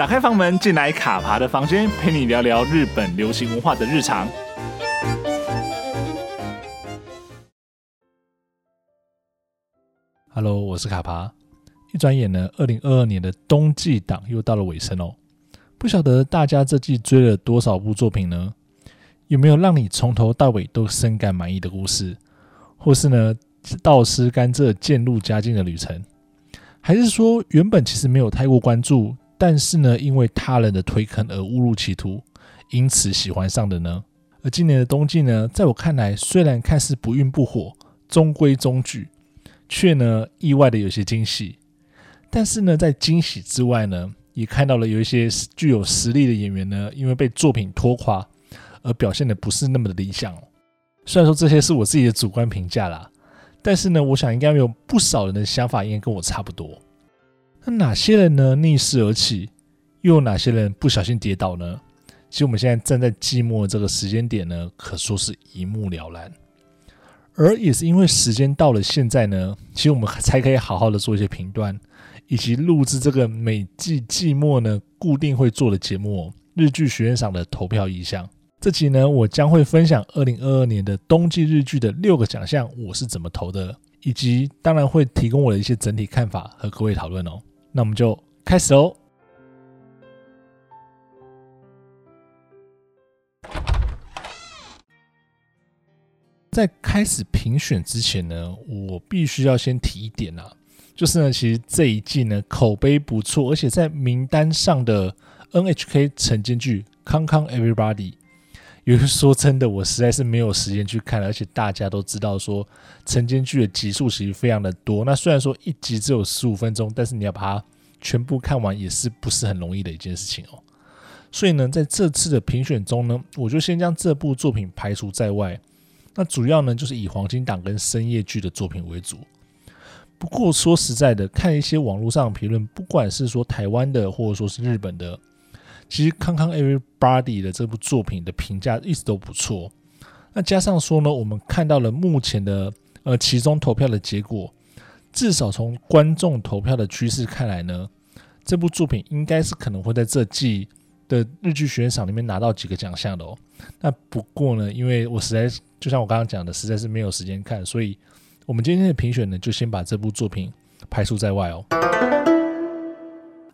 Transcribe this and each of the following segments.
打開房門，進來卡帕的房間，陪你聊聊日本流行文化的日常。Hello，我是卡帕。一轉眼呢，二零二二年的冬季檔又到了尾聲哦。不曉得大家這季追了多少部作品呢？有沒有讓你從頭到尾都深感滿意的故事？或是呢，倒吃甘蔗漸入佳境的旅程？還是說，原本其實沒有太過關注？但是呢，因為他人的推坑而誤入歧途，因此喜歡上的呢。而今年的冬季呢，在我看來，雖然看似不慍不火、中規中矩，卻呢意外的有些驚喜。但是呢，在驚喜之外呢，也看到了有一些具有實力的演員呢，因為被作品拖垮而表現的不是那麼的理想。雖然說這些是我自己的主觀評價啦，但是呢，我想應該有不少人的想法應該跟我差不多。那哪些人呢？逆勢而起，又有哪些人不小心跌倒呢？其實我們現在站在季末這個時間點呢，可說是一目了然。而也是因為時間到了現在呢，其實我們才可以好好的做一些評斷，以及錄製這個每季季末呢固定會做的節目《日劇學院賞》的投票意向。這集呢，我將會分享二零二二年的冬季日劇的六個獎項我是怎麼投的，以及當然會提供我的一些整體看法和各位討論哦。那我們就開始嘍，哦。在開始評選之前呢，我必須要先提一點啊，就是呢，其實這一季呢，口碑不錯，而且在名單上的 NHK 晨間劇《康康 Everybody》。由於說，真的，我實在是沒有時間去看，而且大家都知道說，說晨間劇的集數其實非常的多。那雖然說一集只有十五分鐘，但是你要把它全部看完，也是不是很容易的一件事情哦。所以呢，在這次的評選中呢，我就先將這部作品排除在外。那主要呢，就是以黃金檔跟深夜劇的作品為主。不過說實在的，看一些網絡上的評論，不管是說台灣的，或者說是日本的。嗯其實《康康 Everybody》every 的這部作品的評價一直都不錯，那加上說呢，我們看到了目前的呃其中投票的結果，至少從觀眾投票的趨勢看來呢，這部作品應該是可能會在這季的日劇學院賞裡面拿到幾個獎項的哦。那不過呢，因為我實在就像我剛剛講的，實在是沒有時間看，所以我們今天的評選呢，就先把這部作品排除在外哦。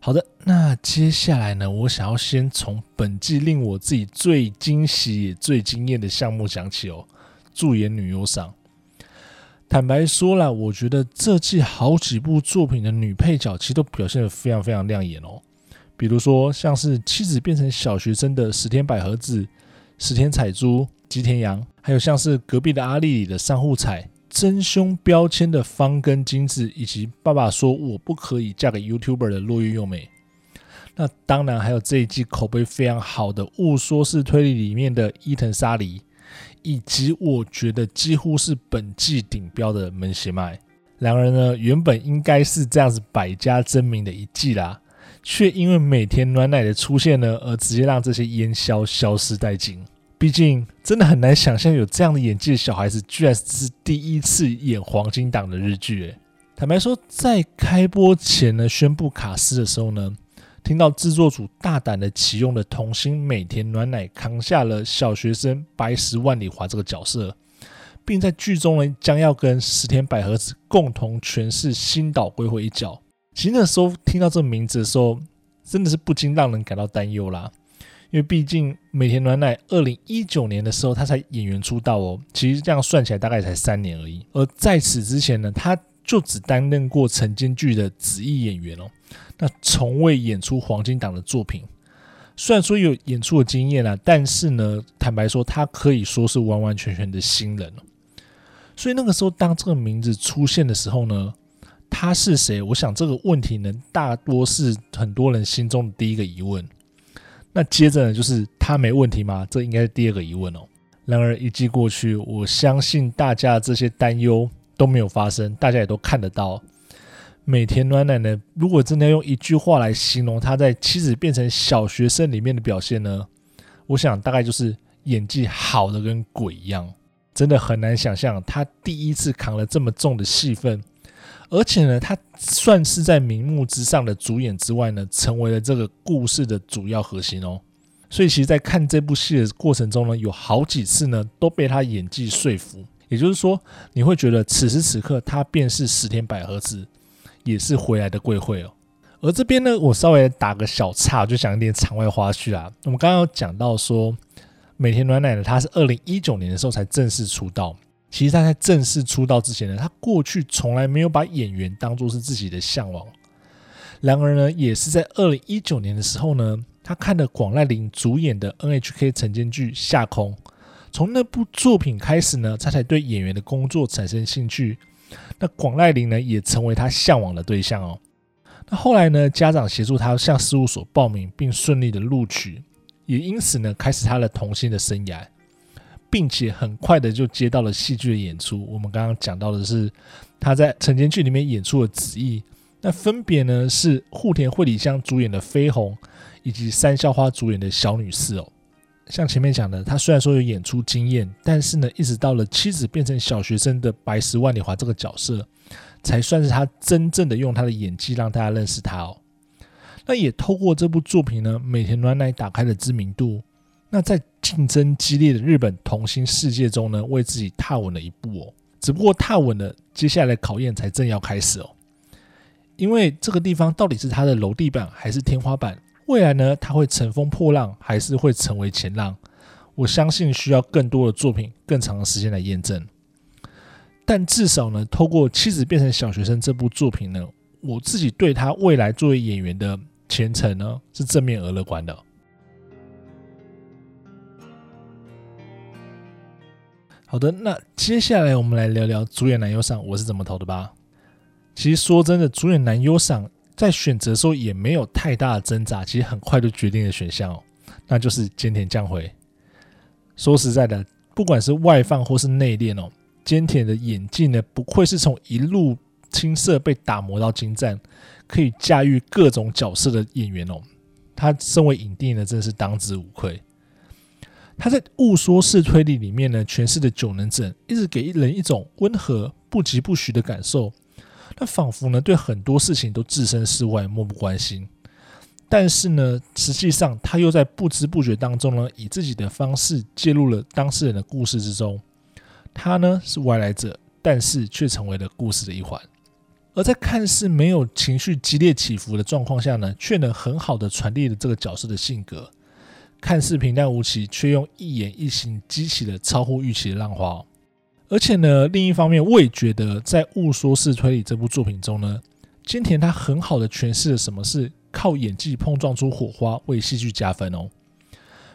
好的，那接下來呢，我想要先從本季令我自己最驚喜也最驚豔的項目講起哦，助演女優賞。坦白說啦，我覺得這季好幾部作品的女配角其實都表現得非常非常亮眼哦，比如說像是妻子變成小學生的石田百合子、石田彩珠、吉田羊，還有像是隔壁的阿麗裡的上戶彩。真凶標籤的芳根京子，以及爸爸說我不可以嫁給 YouTuber 的落月用美，那當然還有這一季口碑非常好的勿說是推理裡面的伊藤沙莉，以及我覺得幾乎是本季頂標的門脇麥。兩人呢，原本應該是這樣子百家爭鳴的一季啦，卻因為每田暖乃的出現呢，而直接讓這些煙消消失殆盡。畢竟，真的很難想象有這樣的演技的小孩子，居然是第一次演黃金檔的日劇、欸。坦白說，在開播前呢，宣布卡司的時候呢，聽到制作組大膽的啟用了童星每田暖乃扛下了小學生白石萬里華這個角色，並在劇中呢將要跟石田百合子共同詮釋新島貴惠一角。其實那時候聽到這名字的時候，真的是不禁讓人感到擔憂啦。因為畢竟每田暖乃二零一九年的時候，他才演員出道哦。其實這樣算起來，大概才三年而已。而在此之前呢，他就只擔任過晨間劇的子役演員哦，那從未演出黃金檔的作品。雖然說有演出的經驗啦，但是呢，坦白說，他可以說是完完全全的新人哦。所以那個時候，當這個名字出現的時候呢，他是誰？我想這個問題呢，大多是很多人心中的第一個疑問。那接着呢，就是他沒問題嗎？這應該是第二個疑問哦。然而一季過去，我相信大家這些擔憂都沒有發生，大家也都看得到。每天暖暖的，如果真的要用一句話來形容他在《妻子變成小學生》裡面的表現呢，我想大概就是演技好的跟鬼一樣，真的很難想象他第一次扛了這麼重的戲份。而且呢，他算是在名目之上的主演之外呢，成為了這個故事的主要核心哦。所以其實，在看這部戲的過程中呢，有好幾次呢，都被他演技說服。也就是說，你會覺得此時此刻他便是石田百合子，也是回來的貴會哦。而這邊呢，我稍微打個小岔，就想一點場外花絮啊。我們剛剛有講到說，每田暖乃的他是二零一九年的時候才正式出道。其實他在正式出道之前呢，他過去從來沒有把演員當做是自己的向往，然而呢，也是在二零一九年的時候呢，他看了廣瀨鈴主演的 NHK 晨間劇《夏空》，從那部作品開始呢，他才對演員的工作產生興趣。那廣瀨鈴呢，也成為他向往的對象哦。那後來呢，家長協助他向事務所報名，並順利的錄取，也因此呢，開始他的童星的生涯。並且很快的就接到了戲劇的演出。我們剛剛講到的是他在晨間劇裡面演出的紫意，那分別呢，是戶田惠梨香主演的緋紅，以及杉咲花主演的小女侍哦。像前面講的，他雖然說有演出經驗，但是呢，一直到了妻子變成小學生的白石萬里華這個角色，才算是他真正的用他的演技讓大家認識他哦。那也透過這部作品呢，每田暖乃打開了知名度。那在競爭激烈的日本童星世界中呢，為自己踏穩了一步哦。只不過踏穩了，接下來的考驗才正要開始哦。因為這個地方到底是他的樓地板還是天花板？未來呢，他會乘風破浪還是會成為前浪？我相信需要更多的作品、更長的時間來驗證。但至少呢，透過妻子變成小學生這部作品呢，我自己對他未來作為演員的前程呢，是正面而樂觀的。好的，那接下來我們來聊聊主演男優賞我是怎麼投的吧。其實說真的，主演男優賞在選擇的時候也沒有太大的掙扎，其實很快就決定了選項哦，那就是菅田將暉。說實在的，不管是外放或是內斂哦，菅田的演技呢，不愧是從一路青澀被打磨到精湛，可以駕馭各種角色的演員哦。他身為影帝呢，真的是當之無愧。他在勿說是推理裡面呢，詮釋的久能整一直給人一種溫和不疾不徐的感受，他仿佛呢對很多事情都置身事外漠不關心。但是呢，實際上他又在不知不覺當中呢，以自己的方式介入了當事人的故事之中。他呢是外來者，但是卻成為了故事的一環。而在看似沒有情緒激烈起伏的狀況下呢，卻能很好的傳遞了這個角色的性格。看似平淡無奇，卻用一言一行激起了超乎預期的浪花哦。而且呢，另一方面，我也覺得在《勿說是推理》這部作品中呢，菅田他很好的詮釋了什麼是靠演技碰撞出火花為戲劇加分哦。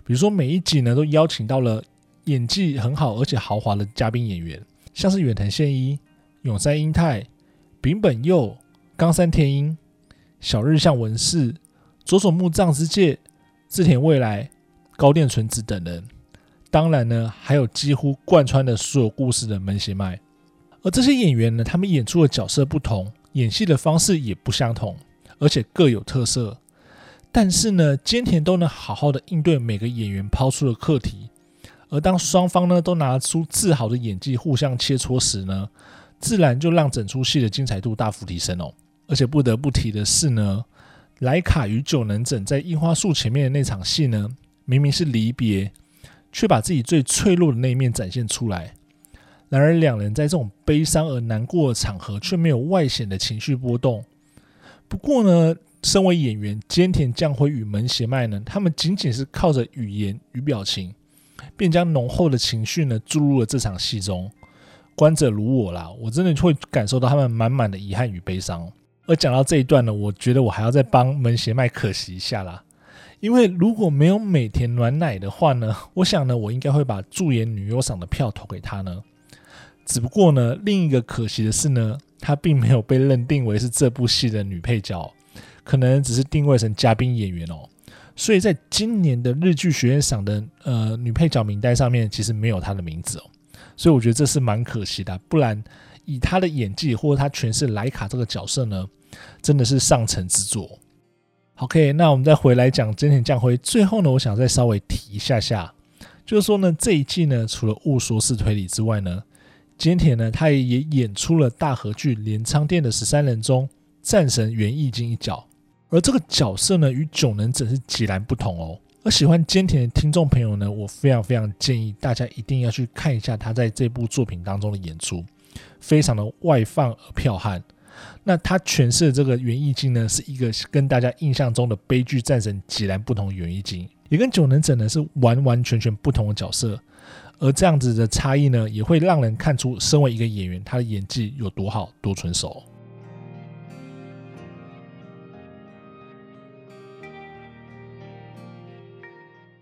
比如說每一集呢，都邀請到了演技很好而且豪華的嘉賓演員，像是遠藤憲一、永山瑛太、柄本佑、岡山天音、小日向文世、佐佐木藏之介。志田未來、高田純子等人，當然呢，還有幾乎貫穿了所有故事的門脅麥。而這些演員呢，他們演出的角色不同，演戲的方式也不相同，而且各有特色。但是呢，菅田都能好好的應對每個演員拋出的課題。而當雙方呢都拿出自豪的演技互相切磋時呢，自然就讓整出戲的精彩度大幅提升哦。而且不得不提的是呢。萊卡與久能整在櫻花樹前面的那場戲呢，明明是離別，卻把自己最脆弱的那一面展現出來。然而，兩人在這種悲傷而難過的場合，卻沒有外顯的情緒波動。不過呢，身為演員，菅田將暉與門脇麥呢，他們僅僅是靠着語言與表情，便將濃厚的情緒呢注入了這場戲中。觀者如我啦，我真的會感受到他們滿滿的遺憾與悲傷。而講到這一段呢，我覺得我還要再幫門脇麥可惜一下啦，因為如果沒有每田暖乃的話呢，我想呢，我應該會把助演女優賞的票投給他呢。只不過呢，另一個可惜的是呢，他並沒有被認定為是這部戲的女配角，可能只是定位成嘉賓演員哦、喔。所以在今年的日劇學院賞的呃女配角名單上面，其實沒有他的名字哦、喔。所以我覺得這是蠻可惜的，不然以他的演技或者他詮釋萊卡這個角色呢。真的是上乘之作。OK，那我們再回來講菅田將暉。最後呢，我想再稍微提一下下，就是說呢，這一季呢，除了勿說是推理之外呢，菅田呢，他也也演出了大河劇《鎌倉殿的十三人》中戰神源義經一角。而這個角色呢，與久能整是截然不同哦。而喜歡菅田的聽眾朋友呢，我非常非常建議大家一定要去看一下他在這部作品當中的演出，非常的外放而剽悍。那他詮釋的這個源義經呢，是一個跟大家印象中的悲劇戰神截然不同。源義經也跟久能整呢是完完全全不同的角色，而這樣子的差異呢，也會讓人看出身為一個演員，他的演技有多好，多純熟。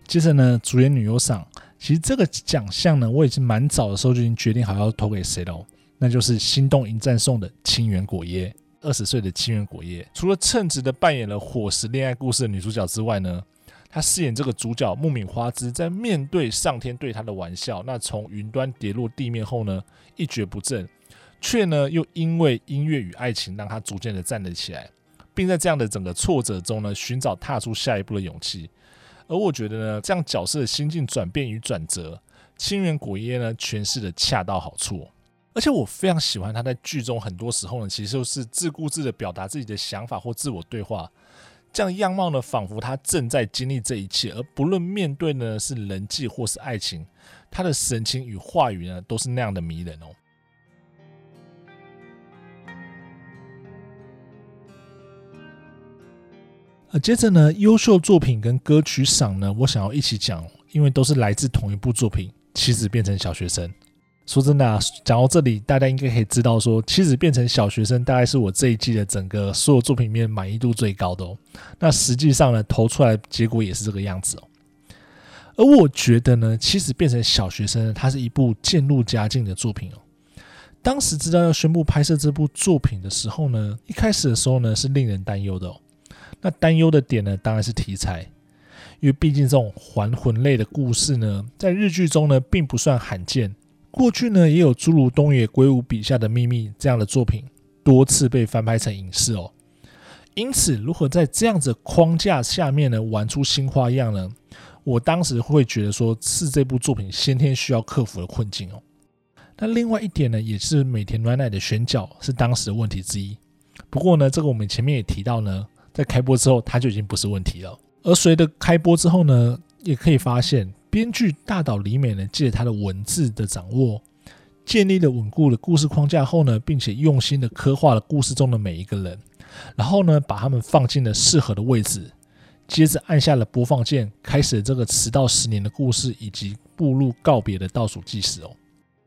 接着呢，主演女優賞，其實這個獎項呢，我已經蠻早的時候就已經決定好要投給誰了。那就是《心動迎戰頌》的清原果耶，二十歲的清原果耶除了稱職的扮演了火石戀愛故事的女主角之外呢，她飾演這個主角木皿花枝，在面對上天對她的玩笑，那從雲端跌落地面後呢，一蹶不振，卻呢又因為音樂與愛情，讓她逐漸的站了起來，並在這樣的整個挫折中呢，尋找踏出下一步的勇氣。而我覺得呢，這樣角色的心境轉變與轉折，清原果耶呢詮釋的恰到好處。而且我非常喜歡他在劇中，很多時候呢，其實就是自顧自的表達自己的想法或自我對話，這樣樣貌呢，仿佛他正在經歷這一切，而不論面對呢是人際或是愛情，他的神情與話語呢，都是那樣的迷人哦。接着呢，優秀作品跟歌曲賞呢，我想要一起講，因為都是來自同一部作品《妻子變成小學生》。說真的啊，講到這裡，大家應該可以知道，說《妻子變成小學生》大概是我這一季的整個所有作品裡面滿意度最高的哦。那實際上呢，投出來的結果也是這個樣子哦。而我覺得呢，《妻子變成小學生》它是一部漸入佳境的作品哦。當時知道要宣布拍攝這部作品的時候呢，一開始的時候呢是令人擔憂的哦。那擔憂的點呢，當然是題材，因為畢竟這種還魂類的故事呢，在日劇中呢並不算罕見。過去呢，也有諸如東野圭吾筆下的《秘密》這樣的作品，多次被翻拍成影視哦。因此，如何在這樣子的框架下面呢，玩出新花樣呢？我當時會覺得，說是這部作品先天需要克服的困境哦。那另外一點呢，也是每田暖乃的選角是當時的問題之一。不過呢，這個我們前面也提到呢，在開播之後，它就已經不是問題了。而隨着開播之後呢，也可以發現。編劇大島里美呢，借他的文字的掌握，建立了穩固的故事框架後呢，並且用心的刻畫了故事中的每一個人，然後呢，把他們放進了適合的位置，接着按下了播放鍵，開始了這個遲到十年的故事以及步入告別的倒數計時哦。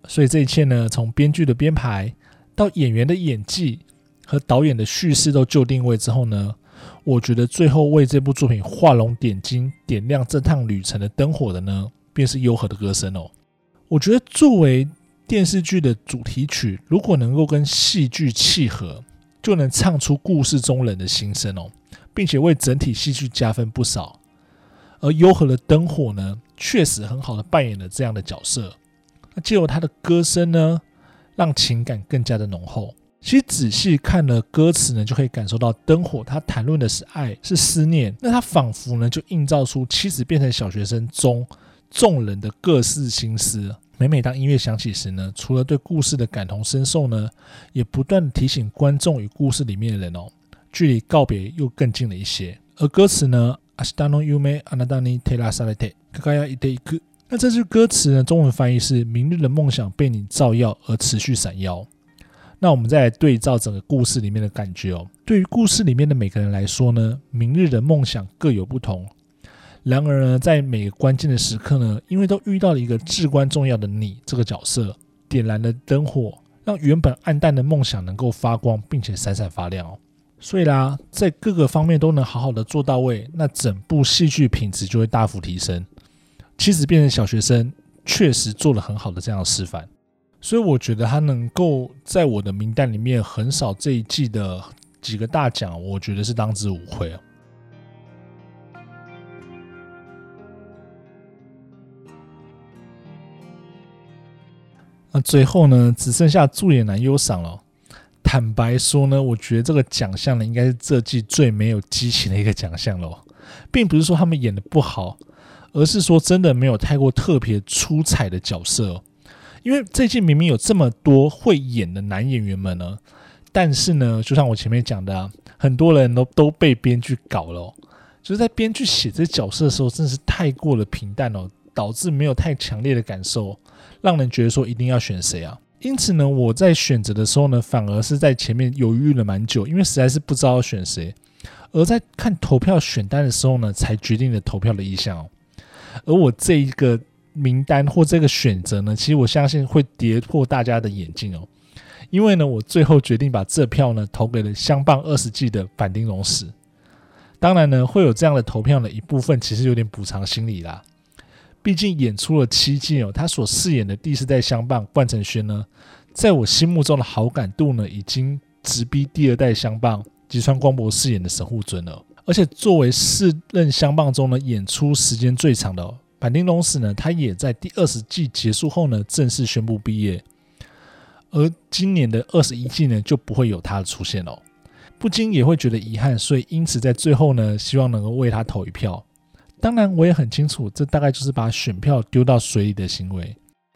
所以這一切呢，從編劇的編排到演員的演技和導演的敘事都就定位之後呢。我覺得最後為這部作品畫龍點睛、點亮這趟旅程的燈火的呢，便是優和的歌聲哦。我覺得作為電視劇的主題曲，如果能夠跟戲劇契合，就能唱出故事中人的心聲哦，並且為整體戲劇加分不少。而優和的燈火呢，確實很好地扮演了這樣的角色。那借由他的歌聲呢，讓情感更加的濃厚。其實仔細看了歌詞呢，就可以感受到燈火，他談論的是愛，是思念。那他仿佛呢，就映照出妻子變成小學生中眾人的各式心思。每每當音樂響起時呢，除了對故事的感同身受呢，也不斷提醒觀眾與故事裡面的人哦，距離告別又更近了一些。而歌詞呢，那這句歌詞呢，中文翻譯是：明日的夢想被你照耀而持續閃耀。那我們再來對照整個故事裡面的感覺哦。對於故事裡面的每個人來說呢，明日的夢想各有不同。然而呢，在每個關鍵的時刻呢，因為都遇到了一個至關重要的你這個角色，點燃了燈火，讓原本暗淡的夢想能夠發光，並且閃閃發亮哦。所以啦，在各個方面都能好好的做到位，那整部戲劇品質就會大幅提升。妻子變成小學生，確實做了很好的這樣的示範。所以我覺得他能夠在我的名單裡面橫掃這一季的幾個大獎，我覺得是當之無愧。那最後呢，只剩下助演男優賞了。坦白說呢，我覺得這個獎項呢，應該是這季最沒有激情的一個獎項了，並不是說他們演得不好，而是說真的沒有太過特別出彩的角色。因為最近明明有這麼多會演的男演員們呢，但是呢，就像我前面講的、啊，很多人都都被編劇搞了、哦，就是在編劇寫這角色的時候，真的是太過了平淡哦，導致沒有太強烈的感受，讓人覺得說一定要選誰啊。因此呢，我在選擇的時候呢，反而是在前面猶豫了蠻久，因為實在是不知道要選誰，而在看投票選單的時候呢，才決定了投票的意向哦。而我這一個。名單或這個選擇呢，其實我相信會跌破大家的眼鏡哦，因為呢，我最後決定把這票呢投給了相棒二十季的反町隆史。當然呢，會有這樣的投票的一部分，其實有點補償心理啦。畢竟演出了七季哦，他所飾演的第四代相棒冠城亘呢，在我心目中的好感度呢，已經直逼第二代相棒及川光博飾演的神戶尊了。而且作為四任相棒中呢，演出時間最長的哦。反丁東史呢，他也在第二十季結束後呢，正式宣布畢業，而今年的二十一季呢，就不會有他的出現哦，不禁也會覺得遺憾，所以因此在最後呢，希望能夠為他投一票。當然，我也很清楚，這大概就是把選票丟到水裡的行為，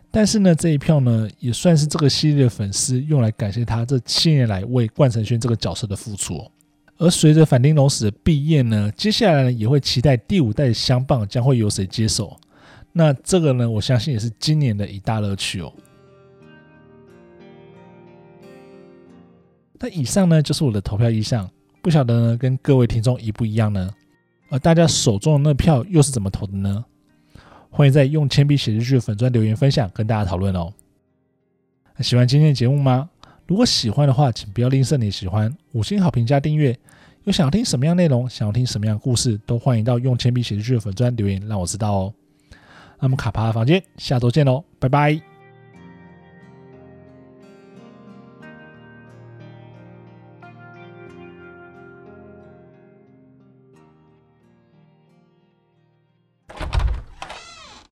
但是呢，這一票呢，也算是這個系列的粉絲用來感謝他這七年來為冠城軒這個角色的付出。而隨着反町隆史的畢業呢，接下來呢也會期待第五代的相棒將會由誰接手。那這個呢，我相信也是今年的一大樂趣哦。那以上呢就是我的投票意向，不曉得呢跟各位聽眾一不一樣呢？而大家手中的那票又是怎麼投的呢？歡迎在用鉛筆寫日記的粉專留言分享，跟大家討論哦。喜歡今天的節目嗎？如果喜歡的話，請不要吝嗇你的喜歡、五星好評加訂閱。有想聽什麼樣的內容，想要聽什麼樣的故事，都歡迎到用鉛筆寫日記的粉專留言，讓我知道哦。那麼卡帕的房間，下周見嘍，拜拜。